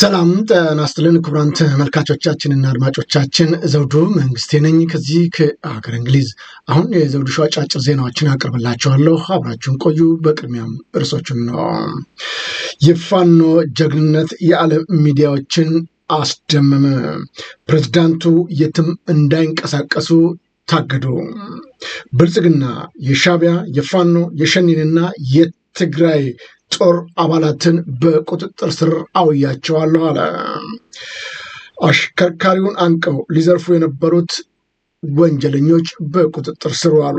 ሰላም ጤና ይስጥልን ክቡራን ተመልካቾቻችንና አድማጮቻችን ዘውዱ መንግስቴ ነኝ ከዚህ ከአገር እንግሊዝ። አሁን የዘውዱ ሾው አጫጭር ዜናዎችን አቀርብላችኋለሁ፣ አብራችሁን ቆዩ። በቅድሚያም እርሶችን ነው የፋኖ ጀግንነት የዓለም ሚዲያዎችን አስደመመ። ፕሬዝዳንቱ የትም እንዳይንቀሳቀሱ ታገዱ። ብልጽግና የሻቢያ፣ የፋኖ የሸኒንና የትግራይ ጦር አባላትን በቁጥጥር ስር አውያቸዋለሁ አለ። አሽከርካሪውን አንቀው ሊዘርፉ የነበሩት ወንጀለኞች በቁጥጥር ስር አሉ።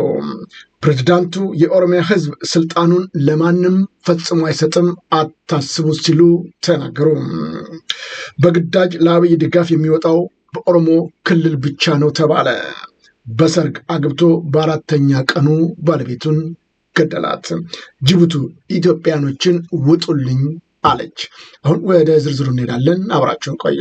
ፕሬዚዳንቱ የኦሮሚያ ሕዝብ ስልጣኑን ለማንም ፈጽሞ አይሰጥም አታስቡ ሲሉ ተናገሩ። በግዳጅ ለአብይ ድጋፍ የሚወጣው በኦሮሞ ክልል ብቻ ነው ተባለ። በሰርግ አግብቶ በአራተኛ ቀኑ ባለቤቱን ገደላት። ጅቡቲ ኢትዮጵያኖችን ውጡልኝ አለች። አሁን ወደ ዝርዝሩ እንሄዳለን። አብራችሁን ቆዩ።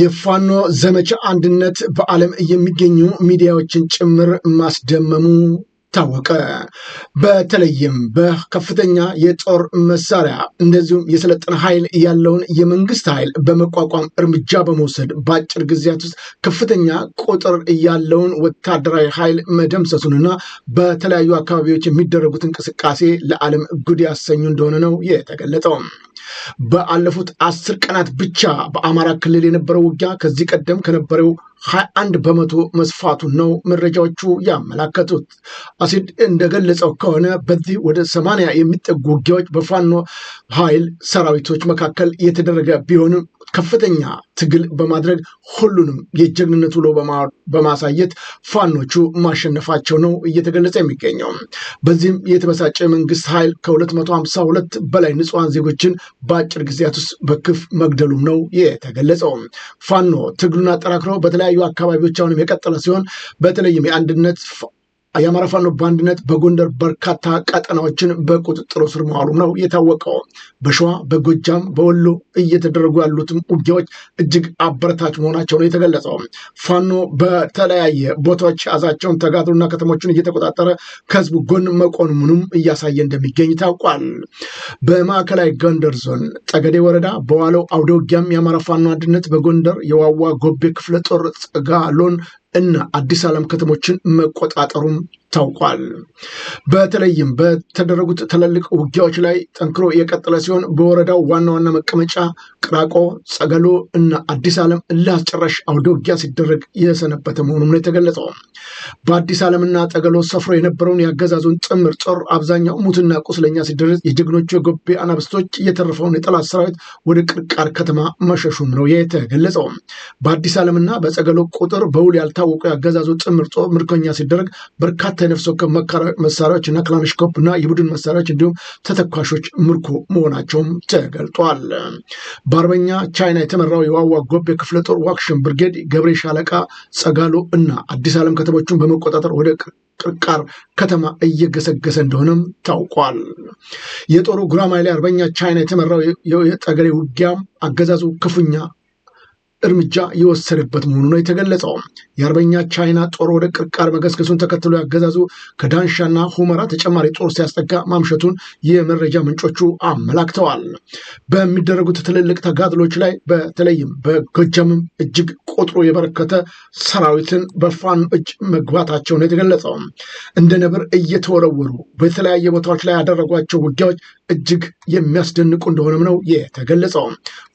የፋኖ ዘመቻ አንድነት በዓለም የሚገኙ ሚዲያዎችን ጭምር ማስደመሙ ታወቀ። በተለይም በከፍተኛ የጦር መሳሪያ እንደዚሁም የሰለጠነ ኃይል ያለውን የመንግስት ኃይል በመቋቋም እርምጃ በመውሰድ በአጭር ጊዜያት ውስጥ ከፍተኛ ቁጥር ያለውን ወታደራዊ ኃይል መደምሰሱንና በተለያዩ አካባቢዎች የሚደረጉት እንቅስቃሴ ለዓለም ጉድ ያሰኙ እንደሆነ ነው የተገለጠው። በአለፉት አስር ቀናት ብቻ በአማራ ክልል የነበረው ውጊያ ከዚህ ቀደም ከነበረው 21 በመቶ መስፋቱን ነው መረጃዎቹ ያመላከቱት። አሲድ እንደገለጸው ከሆነ በዚህ ወደ 80 የሚጠጉ ውጊያዎች በፋኖ ኃይል ሰራዊቶች መካከል የተደረገ ቢሆንም ከፍተኛ ትግል በማድረግ ሁሉንም የጀግንነት ውሎ በማሳየት ፋኖቹ ማሸነፋቸው ነው እየተገለጸ የሚገኘው። በዚህም የተበሳጨ መንግስት ኃይል ከ252 በላይ ንጹሐን ዜጎችን በአጭር ጊዜያት ውስጥ በክፍ መግደሉም ነው የተገለጸው። ፋኖ ትግሉን አጠናክረው በተለያዩ አካባቢዎች አሁንም የቀጠለ ሲሆን በተለይም የአንድነት የአማራ ፋኖ በአንድነት በጎንደር በርካታ ቀጠናዎችን በቁጥጥሩ ስር መዋሉ ነው የታወቀው። በሸዋ በጎጃም በወሎ እየተደረጉ ያሉትም ውጊያዎች እጅግ አበረታች መሆናቸው ነው የተገለጸው። ፋኖ በተለያየ ቦታዎች አዛቸውን ተጋድሎና ከተሞችን እየተቆጣጠረ ከህዝቡ ጎን መቆሙንም እያሳየ እንደሚገኝ ታውቋል። በማዕከላዊ ጎንደር ዞን ጠገዴ ወረዳ በዋለው አውደ ውጊያም የአማራ ፋኖ አንድነት በጎንደር የዋዋ ጎቤ ክፍለ ጦር ጽጋሎን እና አዲስ ዓለም ከተሞችን መቆጣጠሩም ታውቋል። በተለይም በተደረጉት ትላልቅ ውጊያዎች ላይ ጠንክሮ የቀጠለ ሲሆን በወረዳው ዋና ዋና መቀመጫ ቅራቆ፣ ጸገሎ እና አዲስ ዓለም ለአስጨራሽ አውደ ውጊያ ሲደረግ የሰነበተ መሆኑም ነው የተገለጸው። በአዲስ ዓለምና ጸገሎ ሰፍሮ የነበረውን የአገዛዙን ጥምር ጦር አብዛኛው ሙትና ቁስለኛ ሲደረግ የጀግኖቹ የጎቤ አናብስቶች እየተረፈውን የጠላት ሰራዊት ወደ ቅርቃር ከተማ መሸሹም ነው የተገለጸው። በአዲስ ዓለምና በጸገሎ ቁጥር በውል ያልታወቁ የአገዛዙ ጥምር ጦር ምርኮኛ ሲደረግ በርካታ ከነፍስ ወከፍ መሳሪያዎች እና ክላሽንኮቭ እና የቡድን መሳሪያዎች እንዲሁም ተተኳሾች ምርኮ መሆናቸውም ተገልጧል። በአርበኛ ቻይና የተመራው የዋዋ ጎብ የክፍለ ጦር ዋክሽን ብርጌድ ገብሬ ሻለቃ ጸጋሎ እና አዲስ ዓለም ከተሞችን በመቆጣጠር ወደ ቅርቃር ከተማ እየገሰገሰ እንደሆነም ታውቋል። የጦሩ ጉራማይሌ አርበኛ ቻይና የተመራው የጠገሬ ውጊያ አገዛዙ ክፉኛ እርምጃ የወሰደበት መሆኑ ነው የተገለጸው። የአርበኛ ቻይና ጦር ወደ ቅርቃር መገስገሱን ተከትሎ ያገዛዙ ከዳንሻና ሁመራ ተጨማሪ ጦር ሲያስጠጋ ማምሸቱን የመረጃ ምንጮቹ አመላክተዋል። በሚደረጉት ትልልቅ ተጋድሎች ላይ በተለይም በጎጃምም እጅግ ቁጥሩ የበረከተ ሰራዊትን በፋኖ እጅ መግባታቸው ነው የተገለጸው። እንደ ነብር እየተወረወሩ በተለያየ ቦታዎች ላይ ያደረጓቸው ውጊያዎች እጅግ የሚያስደንቁ እንደሆነም ነው የተገለጸው።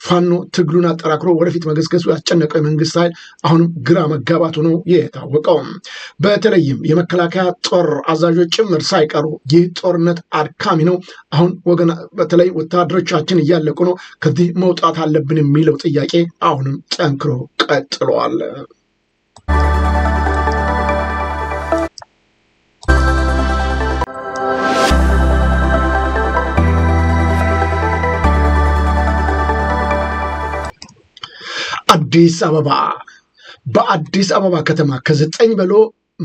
ፋኖ ትግሉን አጠራክሮ ወደፊት መገስገሱ ያስጨነቀው የመንግስት ኃይል አሁንም ግራ መጋባቱ ነው የታወቀው። በተለይም የመከላከያ ጦር አዛዦች ጭምር ሳይቀሩ ይህ ጦርነት አድካሚ ነው፣ አሁን ወገና በተለይ ወታደሮቻችን እያለቁ ነው፣ ከዚህ መውጣት አለብን የሚለው ጥያቄ አሁንም ጠንክሮ ቀጥሏል። አዲስ አበባ በአዲስ አበባ ከተማ ከዘጠኝ በሎ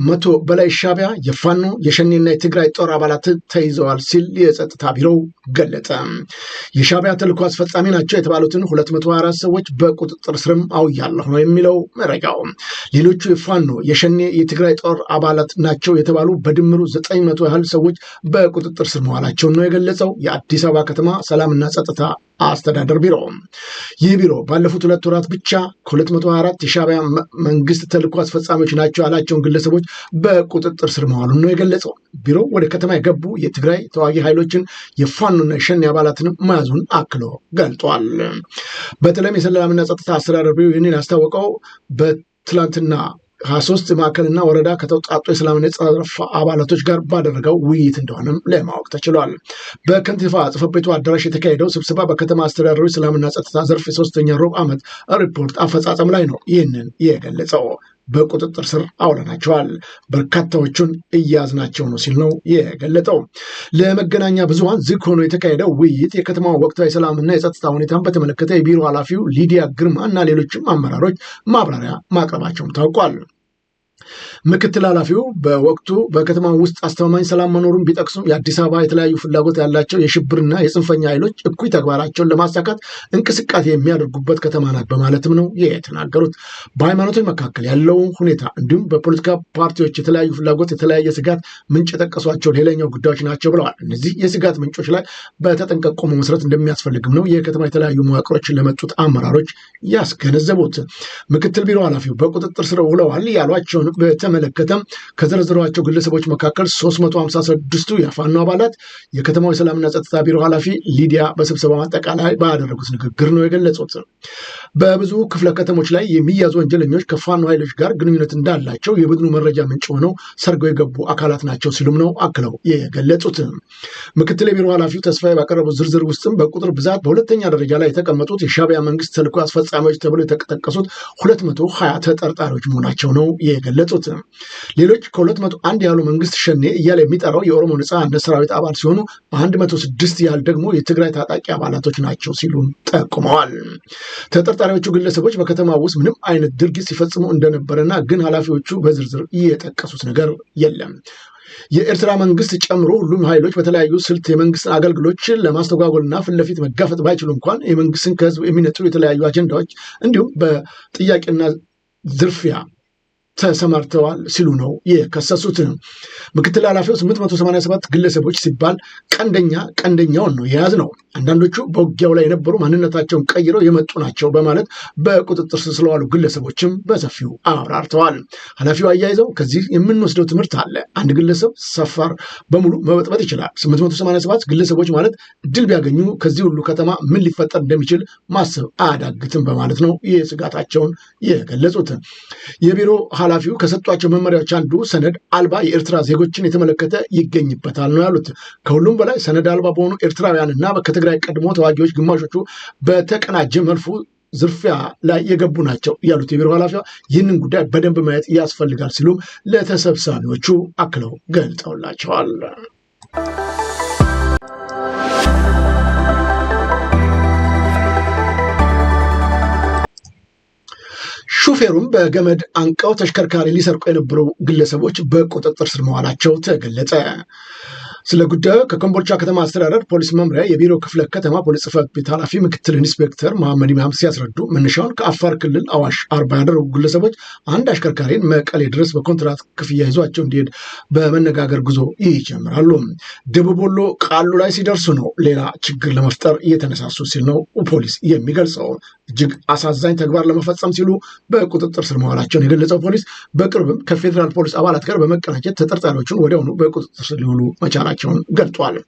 መቶ በላይ ሻቢያ የፋኖ የሸኔና የትግራይ ጦር አባላት ተይዘዋል ሲል የጸጥታ ቢሮው ገለጠ። የሻቢያ ተልእኮ አስፈጻሚ ናቸው የተባሉትን 224 ሰዎች በቁጥጥር ስርም አውያለሁ ነው የሚለው መረጃው። ሌሎቹ የፋኖ የሸኔ የትግራይ ጦር አባላት ናቸው የተባሉ በድምሩ 900 ያህል ሰዎች በቁጥጥር ስር መዋላቸውን ነው የገለጸው የአዲስ አበባ ከተማ ሰላምና ጸጥታ አስተዳደር ቢሮ። ይህ ቢሮ ባለፉት ሁለት ወራት ብቻ ከ224 የሻቢያ መንግስት ተልእኮ አስፈጻሚዎች ናቸው ያላቸውን ግለሰቦች ኃይሎች በቁጥጥር ስር መዋሉን ነው የገለጸው። ቢሮው ወደ ከተማ የገቡ የትግራይ ተዋጊ ኃይሎችን የፋኖና የሸኔ አባላትንም መያዙን አክሎ ገልጧል። በተለይም የሰላምና ጸጥታ አስተዳደር ቢሮ ይህንን ያስታወቀው በትላንትና ሀያ ሶስት ማዕከልና ወረዳ ከተውጣጡ የሰላምና የጸጥታ አባላቶች ጋር ባደረገው ውይይት እንደሆነም ለማወቅ ተችሏል። በከንቲፋ ጽሕፈት ቤቱ አዳራሽ የተካሄደው ስብሰባ በከተማ አስተዳደሩ የሰላምና ጸጥታ ዘርፍ የሶስተኛ ሩብ ዓመት ሪፖርት አፈጻጸም ላይ ነው ይህንን የገለጸው። በቁጥጥር ስር አውለናቸዋል፣ በርካታዎቹን እያዝናቸው ነው ሲል ነው የገለጠው። ለመገናኛ ብዙሃን ዝግ ሆኖ የተካሄደው ውይይት የከተማ ወቅታዊ ሰላምና የጸጥታ ሁኔታን በተመለከተ የቢሮ ኃላፊው ሊዲያ ግርማ እና ሌሎችም አመራሮች ማብራሪያ ማቅረባቸውም ታውቋል። ምክትል ኃላፊው በወቅቱ በከተማ ውስጥ አስተማማኝ ሰላም መኖሩን ቢጠቅሱም የአዲስ አበባ የተለያዩ ፍላጎት ያላቸው የሽብርና የጽንፈኛ ኃይሎች እኩይ ተግባራቸውን ለማሳካት እንቅስቃሴ የሚያደርጉበት ከተማ ናት በማለትም ነው ይህ የተናገሩት። በሃይማኖቶች መካከል ያለውን ሁኔታ እንዲሁም በፖለቲካ ፓርቲዎች የተለያዩ ፍላጎት፣ የተለያየ ስጋት ምንጭ የጠቀሷቸው ሌላኛው ጉዳዮች ናቸው ብለዋል። እነዚህ የስጋት ምንጮች ላይ በተጠንቀቁ መመስረት እንደሚያስፈልግም ነው የከተማ የተለያዩ መዋቅሮችን ለመጡት አመራሮች ያስገነዘቡት። ምክትል ቢሮ ኃላፊው በቁጥጥር ስር ውለዋል ያሏቸውን በተመለከተም ከዘረዘሯቸው ግለሰቦች መካከል 356ቱ የፋኖ አባላት የከተማው የሰላምና ጸጥታ ቢሮ ኃላፊ ሊዲያ በስብሰባ ማጠቃላይ ባደረጉት ንግግር ነው የገለጹት። በብዙ ክፍለ ከተሞች ላይ የሚያዙ ወንጀለኞች ከፋኖ ኃይሎች ጋር ግንኙነት እንዳላቸው የቡድኑ መረጃ ምንጭ ሆነው ሰርገው የገቡ አካላት ናቸው ሲሉም ነው አክለው የገለጹት። ምክትል የቢሮ ኃላፊው ተስፋዬ ባቀረቡት ዝርዝር ውስጥም በቁጥር ብዛት በሁለተኛ ደረጃ ላይ የተቀመጡት የሻቢያ መንግስት ተልዕኮ አስፈጻሚዎች ተብለው የተጠቀሱት ሀያ ተጠርጣሪዎች መሆናቸው ነው የገለጹት። ሌሎች ከሁለት መቶ አንድ ያሉ መንግስት ሸኔ እያለ የሚጠራው የኦሮሞ ነጻነት ሰራዊት አባል ሲሆኑ መቶ ስድስት ያህል ደግሞ የትግራይ ታጣቂ አባላቶች ናቸው ሲሉ ጠቁመዋል። ተጠርጣሪዎቹ ግለሰቦች በከተማ ውስጥ ምንም አይነት ድርጊት ሲፈጽሙ እንደነበረና ግን ኃላፊዎቹ በዝርዝር የጠቀሱት ነገር የለም። የኤርትራ መንግስት ጨምሮ ሁሉም ኃይሎች በተለያዩ ስልት የመንግስት አገልግሎችን ለማስተጓጎልና ፊት ለፊት መጋፈጥ ባይችሉ እንኳን የመንግስትን ከህዝብ የሚነጥሉ የተለያዩ አጀንዳዎች እንዲሁም በጥያቄና ዝርፊያ ተሰማርተዋል ሲሉ ነው የከሰሱት። ምክትል ኃላፊው 887 ግለሰቦች ሲባል ቀንደኛ ቀንደኛውን ነው የያዝ ነው። አንዳንዶቹ በውጊያው ላይ የነበሩ ማንነታቸውን ቀይረው የመጡ ናቸው በማለት በቁጥጥር ስር ስለዋሉ ግለሰቦችም በሰፊው አብራርተዋል። ኃላፊው አያይዘው ከዚህ የምንወስደው ትምህርት አለ። አንድ ግለሰብ ሰፋር በሙሉ መበጥበጥ ይችላል። 887 ግለሰቦች ማለት ድል ቢያገኙ ከዚህ ሁሉ ከተማ ምን ሊፈጠር እንደሚችል ማሰብ አያዳግትም በማለት ነው የስጋታቸውን የገለጹት የቢሮ ኃላፊው ከሰጧቸው መመሪያዎች አንዱ ሰነድ አልባ የኤርትራ ዜጎችን የተመለከተ ይገኝበታል ነው ያሉት። ከሁሉም በላይ ሰነድ አልባ በሆኑ ኤርትራውያንና ከትግራይ ቀድሞ ተዋጊዎች ግማሾቹ በተቀናጀ መልፉ ዝርፊያ ላይ የገቡ ናቸው ያሉት የቢሮ ኃላፊዋ ይህንን ጉዳይ በደንብ ማየት ያስፈልጋል ሲሉም ለተሰብሳቢዎቹ አክለው ገልጠውላቸዋል። ሹፌሩም በገመድ አንቀው ተሽከርካሪ ሊሰርቁ የነበሩ ግለሰቦች በቁጥጥር ስር መዋላቸው ተገለጸ። ስለ ጉዳዩ ከኮምቦልቻ ከተማ አስተዳደር ፖሊስ መምሪያ የቢሮ ክፍለ ከተማ ፖሊስ ጽሕፈት ቤት ኃላፊ ምክትል ኢንስፔክተር መሐመድ ኢማም ሲያስረዱ መነሻውን ከአፋር ክልል አዋሽ አርባ ያደረጉ ግለሰቦች አንድ አሽከርካሪን መቀሌ ድረስ በኮንትራት ክፍያ ይዟቸው እንዲሄድ በመነጋገር ጉዞ ይጀምራሉ። ደቡብ ወሎ ቃሉ ላይ ሲደርሱ ነው ሌላ ችግር ለመፍጠር እየተነሳሱ ሲል ነው ፖሊስ የሚገልጸው። እጅግ አሳዛኝ ተግባር ለመፈጸም ሲሉ በቁጥጥር ስር መዋላቸውን የገለጸው ፖሊስ በቅርብም ከፌዴራል ፖሊስ አባላት ጋር በመቀናጀት ተጠርጣሪዎችን ወዲያውኑ በቁጥጥር ስር ሊውሉ መቻላቸውን ገልጧል።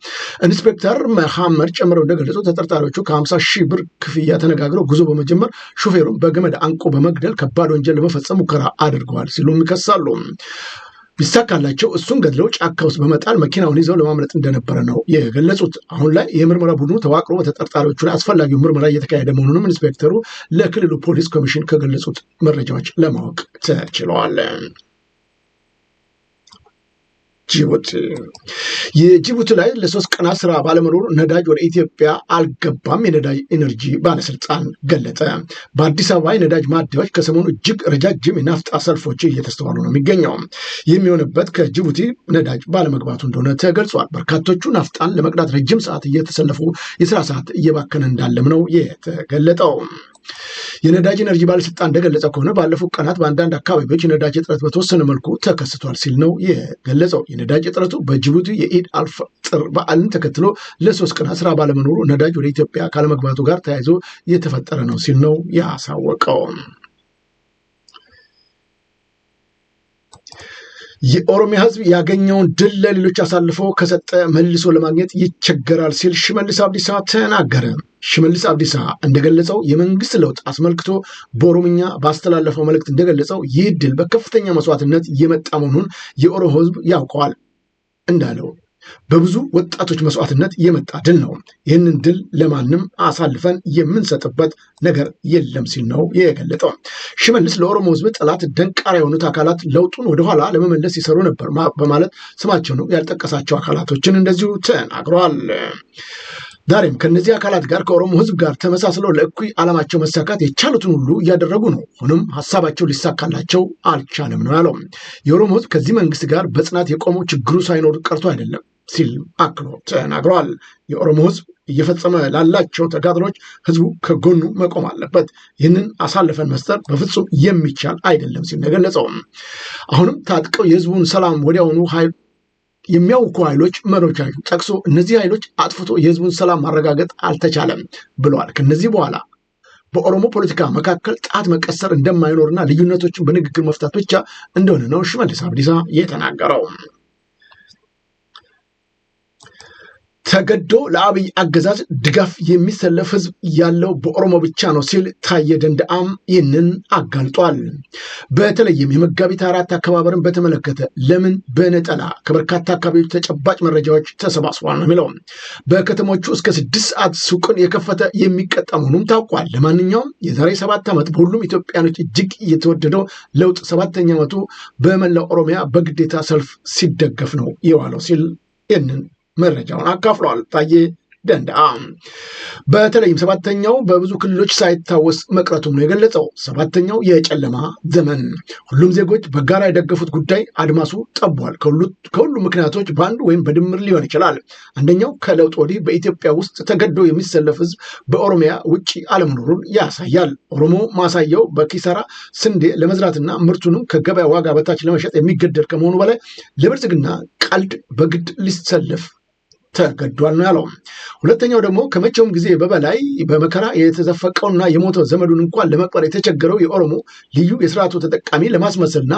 ኢንስፔክተር መሐመድ ጨምረው እንደገለጹ ተጠርጣሪዎቹ ከ50 ሺህ ብር ክፍያ ተነጋግረው ጉዞ በመጀመር ሹፌሩን በገመድ አንቆ በመግደል ከባድ ወንጀል ለመፈጸም ሙከራ አድርገዋል ሲሉም ይከሳሉ። ቢሳካላቸው እሱን ገድለው ጫካ ውስጥ በመጣል መኪናውን ይዘው ለማምለጥ እንደነበረ ነው የገለጹት። አሁን ላይ የምርመራ ቡድኑ ተዋቅሮ በተጠርጣሪዎቹ ላይ አስፈላጊው ምርመራ እየተካሄደ መሆኑንም ኢንስፔክተሩ ለክልሉ ፖሊስ ኮሚሽን ከገለጹት መረጃዎች ለማወቅ ተችለዋል። ጅቡቲ የጅቡቲ ላይ ለሶስት ቀናት ስራ ባለመኖር ነዳጅ ወደ ኢትዮጵያ አልገባም የነዳጅ ኢነርጂ ባለስልጣን ገለጠ። በአዲስ አበባ የነዳጅ ማደያዎች ከሰሞኑ እጅግ ረጃጅም የናፍጣ ሰልፎች እየተስተዋሉ ነው የሚገኘው። የሚሆንበት ከጅቡቲ ነዳጅ ባለመግባቱ እንደሆነ ተገልጿል። በርካቶቹ ናፍጣን ለመቅዳት ረጅም ሰዓት እየተሰለፉ የስራ ሰዓት እየባከነ እንዳለም ነው የተገለጠው። የነዳጅ ኤነርጂ ባለስልጣን እንደገለጸ ከሆነ ባለፉት ቀናት በአንዳንድ አካባቢዎች የነዳጅ እጥረት በተወሰነ መልኩ ተከስቷል ሲል ነው የገለጸው። የነዳጅ እጥረቱ በጅቡቲ የኢድ አልፈጥር በዓልን ተከትሎ ለሶስት ቀናት ስራ ባለመኖሩ ነዳጅ ወደ ኢትዮጵያ ካለመግባቱ ጋር ተያይዞ የተፈጠረ ነው ሲል ነው ያሳወቀው። የኦሮሚያ ህዝብ ያገኘውን ድል ለሌሎች አሳልፎ ከሰጠ መልሶ ለማግኘት ይቸገራል ሲል ሽመልስ አብዲሳ ተናገረ። ሽመልስ አብዲሳ እንደገለጸው የመንግስት ለውጥ አስመልክቶ በኦሮምኛ ባስተላለፈው መልእክት እንደገለጸው ይህ ድል በከፍተኛ መስዋዕትነት የመጣ መሆኑን የኦሮሞ ህዝብ ያውቀዋል እንዳለው በብዙ ወጣቶች መስዋዕትነት የመጣ ድል ነው። ይህንን ድል ለማንም አሳልፈን የምንሰጥበት ነገር የለም ሲል ነው የገለጠው። ሽመልስ ለኦሮሞ ሕዝብ ጠላት ደንቃራ የሆኑት አካላት ለውጡን ወደኋላ ለመመለስ ይሰሩ ነበር በማለት ስማቸው ነው ያልጠቀሳቸው አካላቶችን እንደዚሁ ተናግረዋል። ዛሬም ከነዚህ አካላት ጋር ከኦሮሞ ህዝብ ጋር ተመሳስለው ለእኩይ ዓላማቸው መሳካት የቻሉትን ሁሉ እያደረጉ ነው። ሆኖም ሀሳባቸው ሊሳካላቸው አልቻለም ነው ያለው። የኦሮሞ ህዝብ ከዚህ መንግስት ጋር በጽናት የቆመው ችግሩ ሳይኖር ቀርቶ አይደለም ሲል አክሎ ተናግረዋል። የኦሮሞ ህዝብ እየፈጸመ ላላቸው ተጋድሎች ህዝቡ ከጎኑ መቆም አለበት። ይህንን አሳልፈን መስጠት በፍጹም የሚቻል አይደለም ሲል ነገለጸው። አሁንም ታጥቀው የህዝቡን ሰላም ወዲያውኑ የሚያውኩ ኃይሎች መኖቻቸው ጠቅሶ እነዚህ ኃይሎች አጥፍቶ የህዝቡን ሰላም ማረጋገጥ አልተቻለም ብለዋል። ከነዚህ በኋላ በኦሮሞ ፖለቲካ መካከል ጣት መቀሰር እንደማይኖርና ልዩነቶችን በንግግር መፍታት ብቻ እንደሆነ ነው ሽመልስ አብዲሳ የተናገረው። ተገዶ ለአብይ አገዛዝ ድጋፍ የሚሰለፍ ህዝብ ያለው በኦሮሞ ብቻ ነው ሲል ታየ ደንደአም ይህንን አጋልጧል። በተለይም የመጋቢት አራት አከባበርን በተመለከተ ለምን በነጠላ ከበርካታ አካባቢዎች ተጨባጭ መረጃዎች ተሰባስቧል ነው የሚለው። በከተሞቹ እስከ ስድስት ሰዓት ሱቅን የከፈተ የሚቀጣ መሆኑም ታውቋል። ለማንኛውም የዛሬ ሰባት ዓመት በሁሉም ኢትዮጵያኖች እጅግ የተወደደው ለውጥ ሰባተኛ ዓመቱ በመላው ኦሮሚያ በግዴታ ሰልፍ ሲደገፍ ነው የዋለው ሲል ይህንን መረጃውን አካፍሏል። ታዬ ደንዳ በተለይም ሰባተኛው በብዙ ክልሎች ሳይታወስ መቅረቱም ነው የገለጸው። ሰባተኛው የጨለማ ዘመን ሁሉም ዜጎች በጋራ የደገፉት ጉዳይ አድማሱ ጠቧል። ከሁሉ ምክንያቶች በአንዱ ወይም በድምር ሊሆን ይችላል። አንደኛው ከለውጥ ወዲህ በኢትዮጵያ ውስጥ ተገዶ የሚሰለፍ ህዝብ በኦሮሚያ ውጭ አለመኖሩን ያሳያል። ኦሮሞ ማሳየው በኪሳራ ስንዴ ለመዝራትና ምርቱንም ከገበያ ዋጋ በታች ለመሸጥ የሚገደድ ከመሆኑ በላይ ለብልጽግና ቀልድ በግድ ሊሰለፍ ተገዷል ነው ያለው። ሁለተኛው ደግሞ ከመቼውም ጊዜ በበላይ በመከራ የተዘፈቀውና የሞተው ዘመዱን እንኳን ለመቅበር የተቸገረው የኦሮሞ ልዩ የስርዓቱ ተጠቃሚ ለማስመሰልና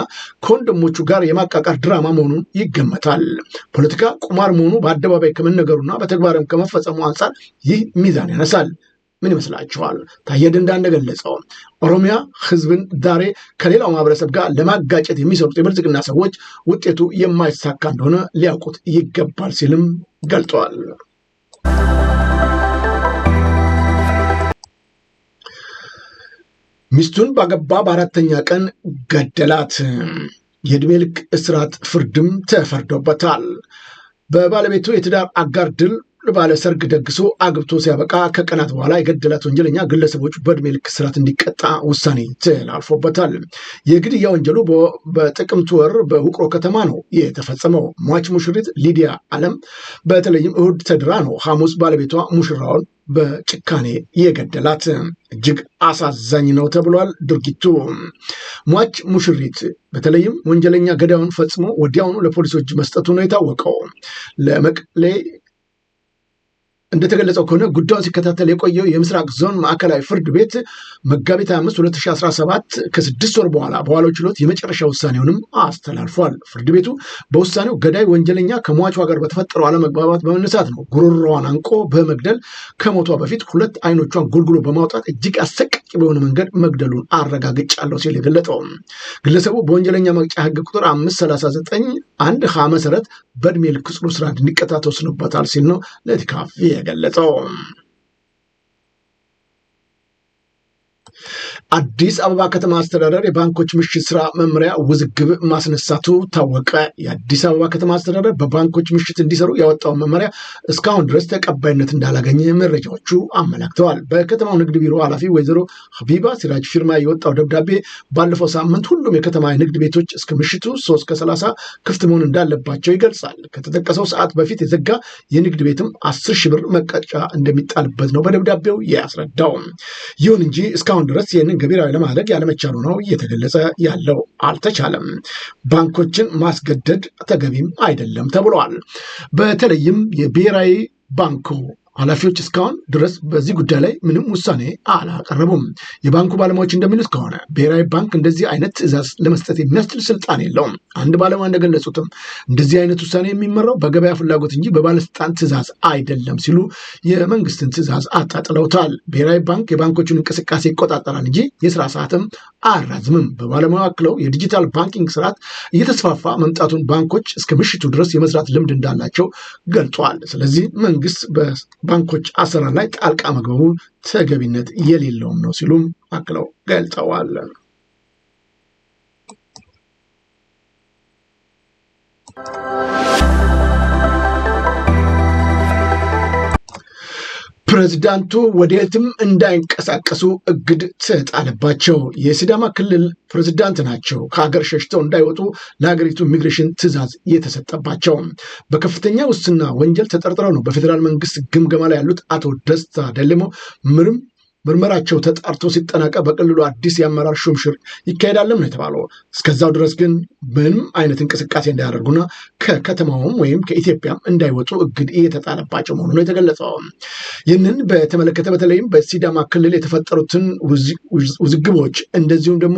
ከወንድሞቹ ጋር የማቃቃር ድራማ መሆኑን ይገመታል። ፖለቲካ ቁማር መሆኑ በአደባባይ ከመነገሩና በተግባርም ከመፈጸሙ አንጻር ይህ ሚዛን ያነሳል። ምን ይመስላችኋል? ታየ ደንደአ እንደገለጸው ኦሮሚያ ህዝብን ዛሬ ከሌላው ማህበረሰብ ጋር ለማጋጨት የሚሰሩት የብልጽግና ሰዎች ውጤቱ የማይሳካ እንደሆነ ሊያውቁት ይገባል ሲልም ገልጿል። ሚስቱን ባገባ በአራተኛ ቀን ገደላት። የእድሜ ልክ እስራት ፍርድም ተፈርዶበታል። በባለቤቱ የትዳር አጋር ድል ባለ ሰርግ ደግሶ አግብቶ ሲያበቃ ከቀናት በኋላ የገደላት ወንጀለኛ ግለሰቦች በእድሜ ልክ ስርዓት እንዲቀጣ ውሳኔ ተላልፎበታል። የግድያ ወንጀሉ በጥቅምት ወር በውቅሮ ከተማ ነው የተፈጸመው። ሟች ሙሽሪት ሊዲያ አለም በተለይም እሁድ ተድራ ነው ሐሙስ ባለቤቷ ሙሽራውን በጭካኔ የገደላት። እጅግ አሳዛኝ ነው ተብሏል ድርጊቱ። ሟች ሙሽሪት በተለይም ወንጀለኛ ገዳዩን ፈጽሞ ወዲያውኑ ለፖሊሶች መስጠቱ ነው የታወቀው። ለመቀሌ እንደተገለጸው ከሆነ ጉዳዩን ሲከታተል የቆየው የምስራቅ ዞን ማዕከላዊ ፍርድ ቤት መጋቢት አምስት 2017 ከስድስት ወር በኋላ በኋላው ችሎት የመጨረሻ ውሳኔውንም አስተላልፏል። ፍርድ ቤቱ በውሳኔው ገዳይ ወንጀለኛ ከሟቿ ጋር በተፈጠረው አለመግባባት በመነሳት ነው ጉሮሮዋን አንቆ በመግደል ከሞቷ በፊት ሁለት አይኖቿን ጉልጉሎ በማውጣት እጅግ አሰቃቂ በሆነ መንገድ መግደሉን አረጋግጫለሁ ሲል የገለጠው ግለሰቡ በወንጀለኛ መቅጫ ህግ ቁጥር 539 አንድ ሀ መሰረት በእድሜ ልክ ጽኑ እስራት እንዲቀጣ ተወስኖበታል ሲል ነው ለቲካፌ የገለጸው አዲስ አበባ ከተማ አስተዳደር የባንኮች ምሽት ስራ መመሪያ ውዝግብ ማስነሳቱ ታወቀ። የአዲስ አበባ ከተማ አስተዳደር በባንኮች ምሽት እንዲሰሩ ያወጣው መመሪያ እስካሁን ድረስ ተቀባይነት እንዳላገኘ መረጃዎቹ አመላክተዋል። በከተማው ንግድ ቢሮ ኃላፊ ወይዘሮ ሀቢባ ሲራጅ ፊርማ የወጣው ደብዳቤ ባለፈው ሳምንት ሁሉም የከተማ ንግድ ቤቶች እስከ ምሽቱ ሶስት ከሰላሳ ክፍት መሆን እንዳለባቸው ይገልጻል። ከተጠቀሰው ሰዓት በፊት የዘጋ የንግድ ቤትም አስር ሺህ ብር መቀጫ እንደሚጣልበት ነው በደብዳቤው ያስረዳው። ይሁን እንጂ እስካሁን ድረስ እቅዶችን ገቢራዊ ለማድረግ ያለመቻሉ ነው እየተገለጸ ያለው። አልተቻለም፣ ባንኮችን ማስገደድ ተገቢም አይደለም ተብሏል በተለይም የብሔራዊ ባንኩ ኃላፊዎች እስካሁን ድረስ በዚህ ጉዳይ ላይ ምንም ውሳኔ አላቀረቡም። የባንኩ ባለሙያዎች እንደሚሉት ከሆነ ብሔራዊ ባንክ እንደዚህ አይነት ትዕዛዝ ለመስጠት የሚያስችል ስልጣን የለውም። አንድ ባለሙያ እንደገለጹትም እንደዚህ አይነት ውሳኔ የሚመራው በገበያ ፍላጎት እንጂ በባለስልጣን ትዕዛዝ አይደለም ሲሉ የመንግስትን ትዕዛዝ አጣጥለውታል። ብሔራዊ ባንክ የባንኮቹን እንቅስቃሴ ይቆጣጠራል እንጂ የስራ ሰዓትም አራዝምም። በባለሙያው አክለው የዲጂታል ባንኪንግ ስርዓት እየተስፋፋ መምጣቱን ባንኮች እስከ ምሽቱ ድረስ የመስራት ልምድ እንዳላቸው ገልጿል። ስለዚህ መንግስት ባንኮች አሰራር ላይ ጣልቃ መግባቡ ተገቢነት የሌለውም ነው ሲሉም አክለው ገልጸዋል። ፕሬዝዳንቱ ወደየትም እንዳይንቀሳቀሱ እግድ ተጣለባቸው። የሲዳማ ክልል ፕሬዝዳንት ናቸው። ከሀገር ሸሽተው እንዳይወጡ ለሀገሪቱ ኢሚግሬሽን ትዕዛዝ የተሰጠባቸው በከፍተኛ ውስና ወንጀል ተጠርጥረው ነው። በፌዴራል መንግስት ግምገማ ላይ ያሉት አቶ ደስታ ደልሞ ምርም ምርመራቸው ተጣርቶ ሲጠናቀቅ በክልሉ አዲስ የአመራር ሹምሽር ይካሄዳልም ነው የተባለው። እስከዛው ድረስ ግን ምንም አይነት እንቅስቃሴ እንዳያደርጉና ከከተማውም ወይም ከኢትዮጵያም እንዳይወጡ እግድ እየተጣለባቸው መሆኑ ነው የተገለጸው። ይህንን በተመለከተ በተለይም በሲዳማ ክልል የተፈጠሩትን ውዝግቦች እንደዚሁም ደግሞ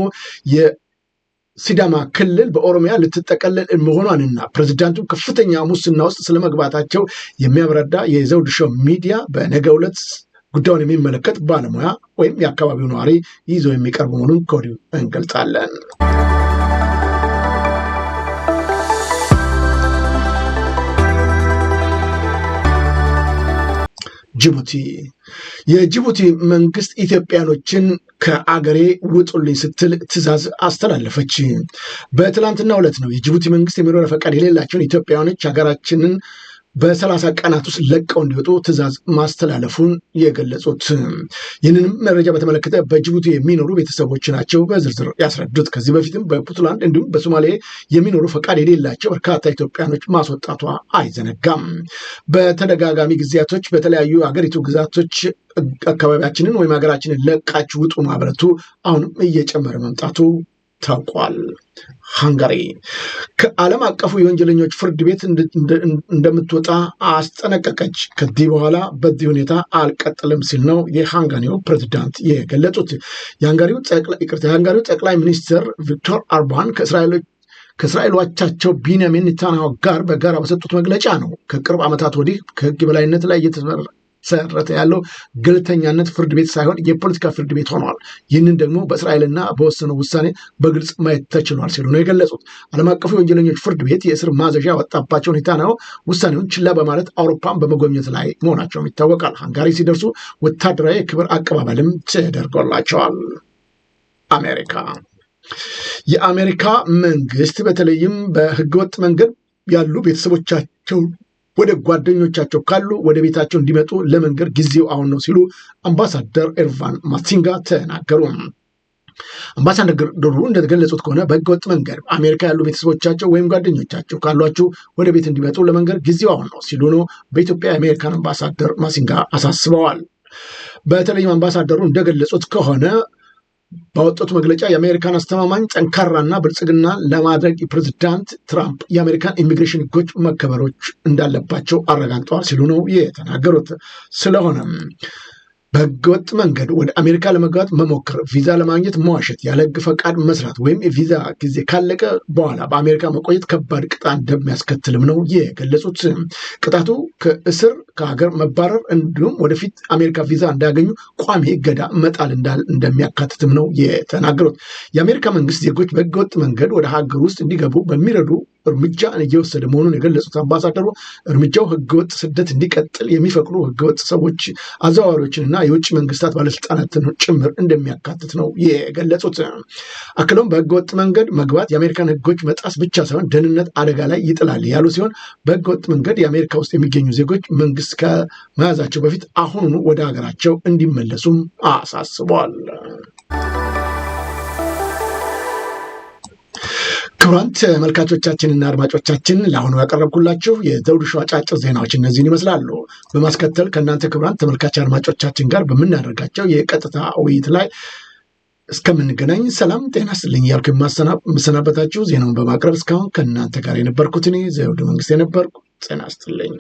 ሲዳማ ክልል በኦሮሚያ ልትጠቀለል መሆኗንና ፕሬዚዳንቱ ከፍተኛ ሙስና ውስጥ ስለመግባታቸው የሚያብረዳ የዘውድ ሾው ሚዲያ በነገ ዕለት ጉዳዩን የሚመለከት ባለሙያ ወይም የአካባቢው ነዋሪ ይዘው የሚቀርቡ መሆኑን ከወዲሁ እንገልጻለን። ጅቡቲ የጅቡቲ መንግስት ኢትዮጵያኖችን ከአገሬ ውጡልኝ ስትል ትዕዛዝ አስተላለፈች። በትላንትና ዕለት ነው የጅቡቲ መንግስት የመኖሪያ ፈቃድ የሌላቸውን ኢትዮጵያኖች ሀገራችንን በሰላሳ ቀናት ውስጥ ለቀው እንዲወጡ ትዕዛዝ ማስተላለፉን የገለጹት ይህንን መረጃ በተመለከተ በጅቡቲ የሚኖሩ ቤተሰቦች ናቸው በዝርዝር ያስረዱት። ከዚህ በፊትም በፑንትላንድ እንዲሁም በሶማሌ የሚኖሩ ፈቃድ የሌላቸው በርካታ ኢትዮጵያኖች ማስወጣቷ አይዘነጋም። በተደጋጋሚ ጊዜያቶች በተለያዩ አገሪቱ ግዛቶች አካባቢያችንን ወይም ሀገራችንን ለቃችሁ ውጡ ማህበረቱ አሁንም እየጨመረ መምጣቱ ታውቋል። ሃንጋሪ ከዓለም አቀፉ የወንጀለኞች ፍርድ ቤት እንደምትወጣ አስጠነቀቀች። ከዚህ በኋላ በዚህ ሁኔታ አልቀጥልም ሲል ነው የሃንጋሪው ፕሬዚዳንት የገለጹት። የሃንጋሪው ጠቅላይ ሚኒስትር ቪክቶር ኦርባን ከእስራኤሎች ከእስራኤሎቻቸው ቢንያሚን ኔታንያሁ ጋር በጋራ በሰጡት መግለጫ ነው ከቅርብ ዓመታት ወዲህ ከህግ የበላይነት ላይ እየተመሰረተ ያለው ገለልተኛነት ፍርድ ቤት ሳይሆን የፖለቲካ ፍርድ ቤት ሆኗል። ይህንን ደግሞ በእስራኤልና በወሰነው ውሳኔ በግልጽ ማየት ተችሏል ሲሉ ነው የገለጹት። ዓለም አቀፉ የወንጀለኞች ፍርድ ቤት የእስር ማዘዣ ያወጣባቸው ነው። ውሳኔውን ችላ በማለት አውሮፓን በመጎብኘት ላይ መሆናቸውም ይታወቃል። ሃንጋሪ ሲደርሱ ወታደራዊ የክብር አቀባበልም ተደርጎላቸዋል። አሜሪካ የአሜሪካ መንግስት በተለይም በህገወጥ መንገድ ያሉ ቤተሰቦቻቸው። ወደ ጓደኞቻቸው ካሉ ወደ ቤታቸው እንዲመጡ ለመንገድ ጊዜው አሁን ነው ሲሉ አምባሳደር ኤርቫን ማሲንጋ ተናገሩ። አምባሳደር ዶሩ እንደገለጹት ከሆነ በህገወጥ መንገድ አሜሪካ ያሉ ቤተሰቦቻቸው ወይም ጓደኞቻቸው ካሏችሁ ወደ ቤት እንዲመጡ ለመንገድ ጊዜው አሁን ነው ሲሉ ነው በኢትዮጵያ የአሜሪካን አምባሳደር ማሲንጋ አሳስበዋል። በተለይም አምባሳደሩ እንደገለጹት ከሆነ ባወጡት መግለጫ የአሜሪካን አስተማማኝ ጠንካራና ብልጽግና ለማድረግ የፕሬዚዳንት ትራምፕ የአሜሪካን ኢሚግሬሽን ህጎች መከበሮች እንዳለባቸው አረጋግጠዋል ሲሉ ነው የተናገሩት። ስለሆነም በህገወጥ መንገድ ወደ አሜሪካ ለመግባት መሞከር፣ ቪዛ ለማግኘት መዋሸት፣ ያለ ህግ ፈቃድ መስራት ወይም የቪዛ ጊዜ ካለቀ በኋላ በአሜሪካ መቆየት ከባድ ቅጣት እንደሚያስከትልም ነው የገለጹት። ቅጣቱ ከእስር፣ ከሀገር መባረር እንዲሁም ወደፊት አሜሪካ ቪዛ እንዳያገኙ ቋሚ እገዳ መጣል እንዳል እንደሚያካትትም ነው የተናገሩት። የአሜሪካ መንግስት ዜጎች በህገወጥ መንገድ ወደ ሀገር ውስጥ እንዲገቡ በሚረዱ እርምጃ እየወሰደ መሆኑን የገለጹት አምባሳደሩ እርምጃው ህገወጥ ስደት እንዲቀጥል የሚፈቅዱ ህገወጥ ሰዎች እና የውጭ መንግስታት ባለስልጣናትን ጭምር እንደሚያካትት ነው የገለጹት። አክለውም በህገወጥ መንገድ መግባት የአሜሪካን ህጎች መጣስ ብቻ ሳይሆን ደህንነት አደጋ ላይ ይጥላል ያሉ ሲሆን በህገወጥ መንገድ የአሜሪካ ውስጥ የሚገኙ ዜጎች መንግስት ከመያዛቸው በፊት አሁኑኑ ወደ ሀገራቸው እንዲመለሱም አሳስቧል። ክቡራን ተመልካቾቻችንና አድማጮቻችን ለአሁኑ ያቀረብኩላችሁ የዘውዱ ሾው አጫጭር ዜናዎች እነዚህን ይመስላሉ። በማስከተል ከእናንተ ክቡራን ተመልካች አድማጮቻችን ጋር በምናደርጋቸው የቀጥታ ውይይት ላይ እስከምንገናኝ ሰላም ጤና ስልኝ እያልኩ የምሰናበታችሁ ዜናውን በማቅረብ እስካሁን ከእናንተ ጋር የነበርኩት እኔ ዘውዱ መንግስት የነበርኩ ጤና ስጥልኝ።